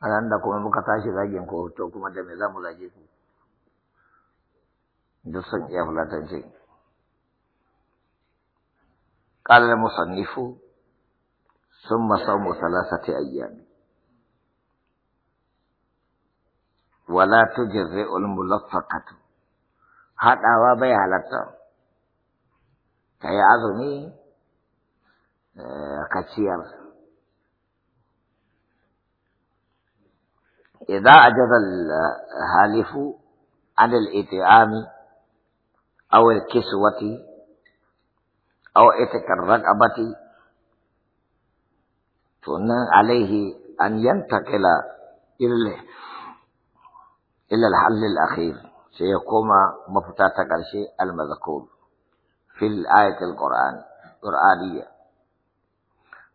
a nan da kuma muka tashi zagin ko to kuma da me za mu zage ku da san iya fulata ce kala da musannifu sun masau musalasa ta yi wala ta jirre ulmulafakatu haɗawa bai halatta ka yi azumi eh, ka ciyar إذا أجد الهالف عن الإطعام أو الكسوة أو إتك الرقبة عليه أن ينتقل إلى الحل الأخير سيقوم مفتاة الشيء المذكور في الآية القرآن القرآنية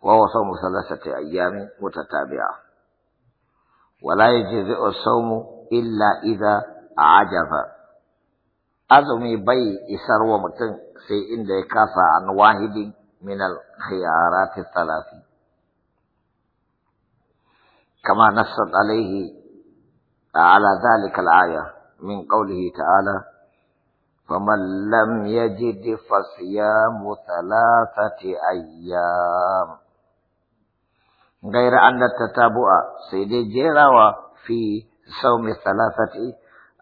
وهو صوم ثلاثة أيام متتابعة ولا يجزئ الصوم إلا إذا عجز أزمي بي إسر ومتن سي إن كاسا عن واحد من الخيارات الثلاثة كما نصت عليه على ذلك الآية من قوله تعالى فمن لم يجد فصيام ثلاثة أيام غير أن التتابع سيدي جيراوة في صوم ثلاثة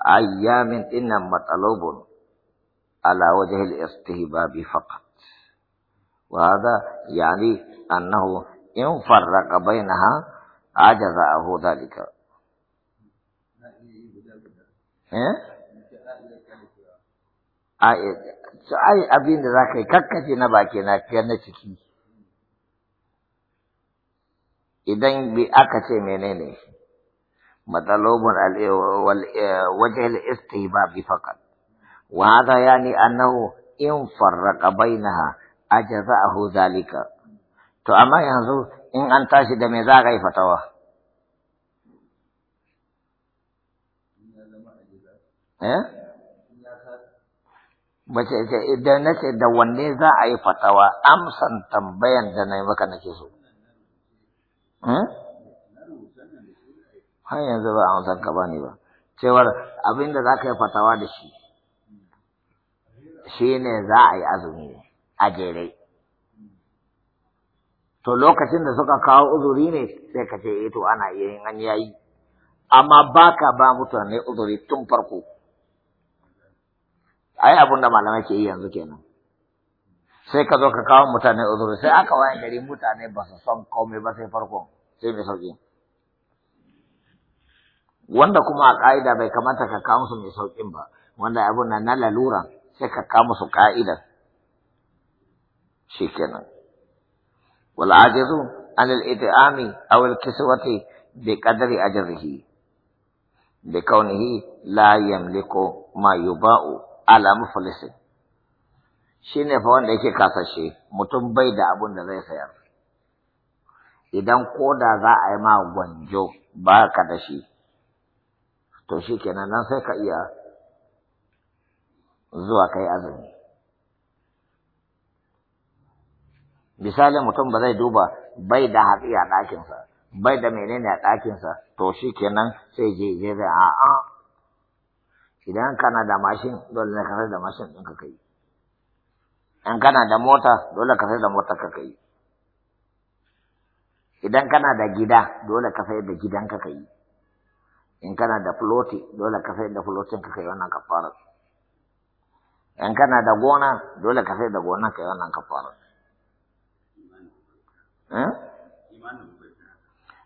أيام إنما مطلوب على وجه الاستهباب فقط وهذا يعني أنه إن فرق بينها عجز عجزه ذلك إيه؟ أي أبين da ككتي ka yi kakkace idan bi aka ce menene matalobun wajhul istihbabi faqat wa hadha ni annahu in farraqa bainaha ajza'ahu zalika to amma yanzu in an tashi da me za ka yi fatawa eh bace idan nace da wanne za a yi fatawa amsan tambayan da na yi maka nake so Eh? har yanzu ba a amsan ka ni ba cewar abin da za ka yi fatawa da shi shi ne za a yi azumi a jere to lokacin da suka kawo uzuri ne sai ka ce eto eh, ana iya yin an yayi amma ba ka ba mutane uzuri tun farko ai abin da malamai ke yi yanzu kenan sai ka zo ka kawo mutane uzuri sai aka waye gari mutane ba su son komai ba sai farko sai mai sauki wanda kuma a ka'ida bai kamata ka kawo musu mai saukin ba wanda abu na na lalura sai ka kawo su ka'ida shikenan wal ajizu an al it'ami aw al kiswati bi qadri ajrihi bi kaunihi la yamliku ma yuba'u ala muflisin shi ne fa wanda yake kasashe mutum bai da abun da zai sayar idan ko da za a yi ma gwanjo ba ka da shi to shi kenan nan sai ka iya zuwa kai azumi misali mutum ba zai duba bai da hatsi a ɗakinsa bai da menene a ɗakinsa to shi kenan sai je je zai a'a idan kana da mashin dole ne ka da mashin ɗin ka kai in kana da mota dole ka sai da mota ka kai idan kana da gida dole ka sai da gidan ka kai in kana da floti dole ka sai da flotin ka kai wannan kafara in kana da gona dole ka sai da gona kai wannan kafara eh?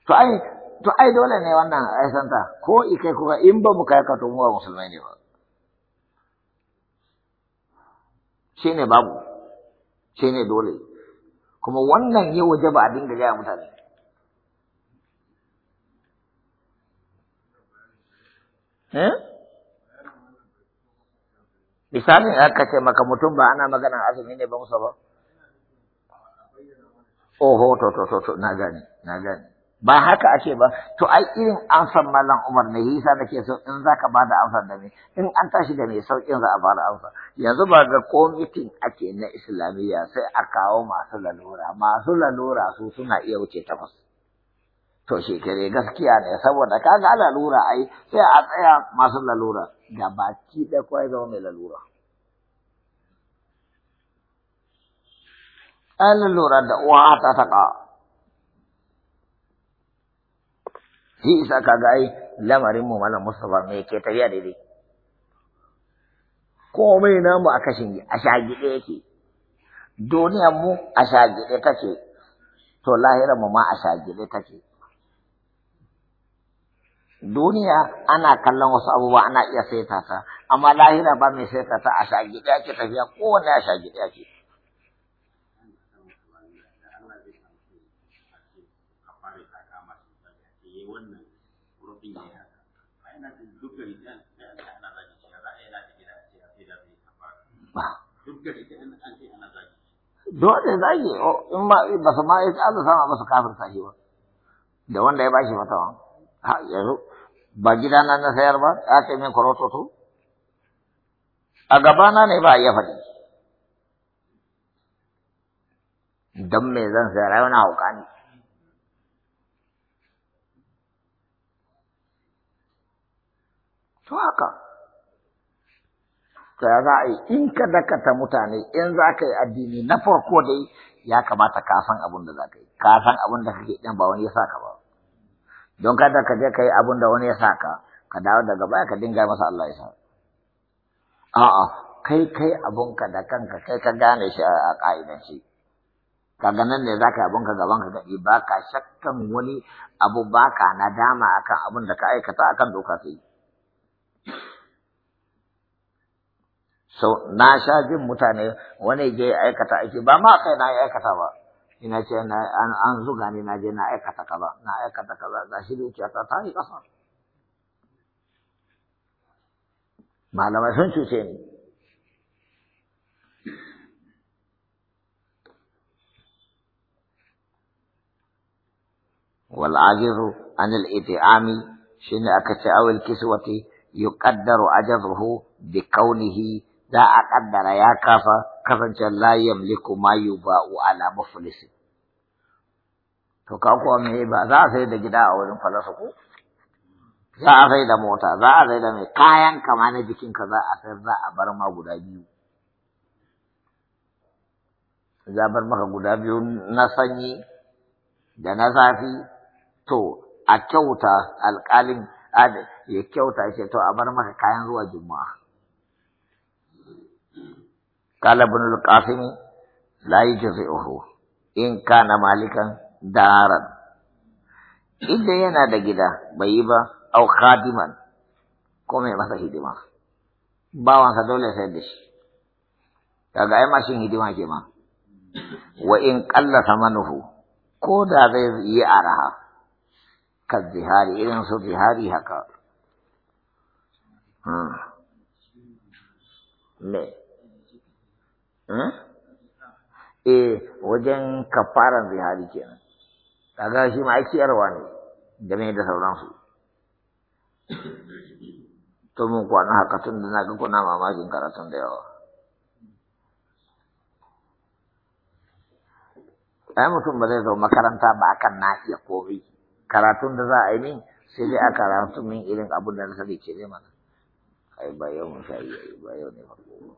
to ai to ai dole ne wannan ai santa ko i kai kuka in ba mu kai ka to mu musulmai ne ba shine babu shi ne dole kuma wannan ya waje ba a dinga gaya mutane eh? misali ya kace maka mutum ba ana magana azumi ne ba musa ba oho to to to na gani, na gani. ba haka ake ba to ai irin amsar malam umar ne yasa nake so in zaka ba da amsar da me in an tashi da me saukin za a fara amsa yanzu ba ga komitin ake na islamiyya sai a kawo masu lalura masu lalura su suna iya wuce takwas to kare gaskiya ne saboda kaga lalura ai sai a tsaya masu lalura ga baki da kwai zama mai lalura an lalura da uwa ta saka shi isa ka ga ai lamarin mu malam Mustafa me ke tafiya daidai komai namu a kashin a shagide yake duniyar mu a shagide take to lahirar mu ma a shagide take duniya ana kallon wasu abubuwa ana iya saita ta amma lahira ba mai saita ta a shagide yake tafiya kowanne a shagide yake. kuɗi ne da dukkan idan ana zaki shi za a yi gida a ce a sai da zai dukkan idan an ce ana dole in ba ba su ma ita Allah sama ba su ba da wanda ya bashi fatawa ha yanzu ba gida na na sayar ba ya ce min a gabana ne ba ya faɗi don me zan sayar wani hauka ne to haka to ya za a yi in ka dakata mutane in za ka yi addini na farko dai ya kamata ka san abin da za ka yi ka san abin da kake ɗin ba wani ya sa ka ba don kada ka je ka yi abin da wani ya sa ka ka dawo daga baya ka dinga masa Allah ya sa a'a kai kai ka da kanka kai ka gane shi a ka'idan shi kaga nan ne zaka ka gaban ka gadi ba ka shakkan wani abu ba ka nadama akan abun da ka aikata akan doka sai sau na sha jin mutane wani je aikata aiki ba ma kai na aikata ba ina ce an zuga ni na je na aikata kaza na aikata kaza ga shi zuciyata ta yi kasa malamai sun cuce ni والعاجز عن الإطعام شن أكتأو الكسوة يقدر عجزه بكونه za a ƙaddara ya kafa kasance la yamliku ma yuba'u ala muflisin to ka kuwa me ba za a sai da gida a wurin falasuku za a sai da mota za a sai da mai kayan kama na jikinka za a sai za a bar ma guda biyu za a bar maka guda biyu na sanyi da na zafi to a kyauta alƙalin ya kyauta shi to a bar maka kayan zuwa juma'a قال ابن القاسم لا يجزئه إن كان مالكا دارا إلا ينادى جدا بيبا أو خادما كومي مسا هدما باوان سدولة سيدش kaga ai mashin hidima ke ma wa in qalla samanuhu ko da zai yi araha kan zihari irin su haka Eh? eh wajen kafaran zihari kenan kaga shi ma aiki yarwa ne da me da sauransu to mun kwana haka tun da na ga kuna mamakin karatun da yawa ai mutum ba zai zo makaranta ba akan na iya komai karatun da za a yi min sai dai a karatu min irin abin da na sani ke zai mana ai ba yau mun sha iya ba yau ne farko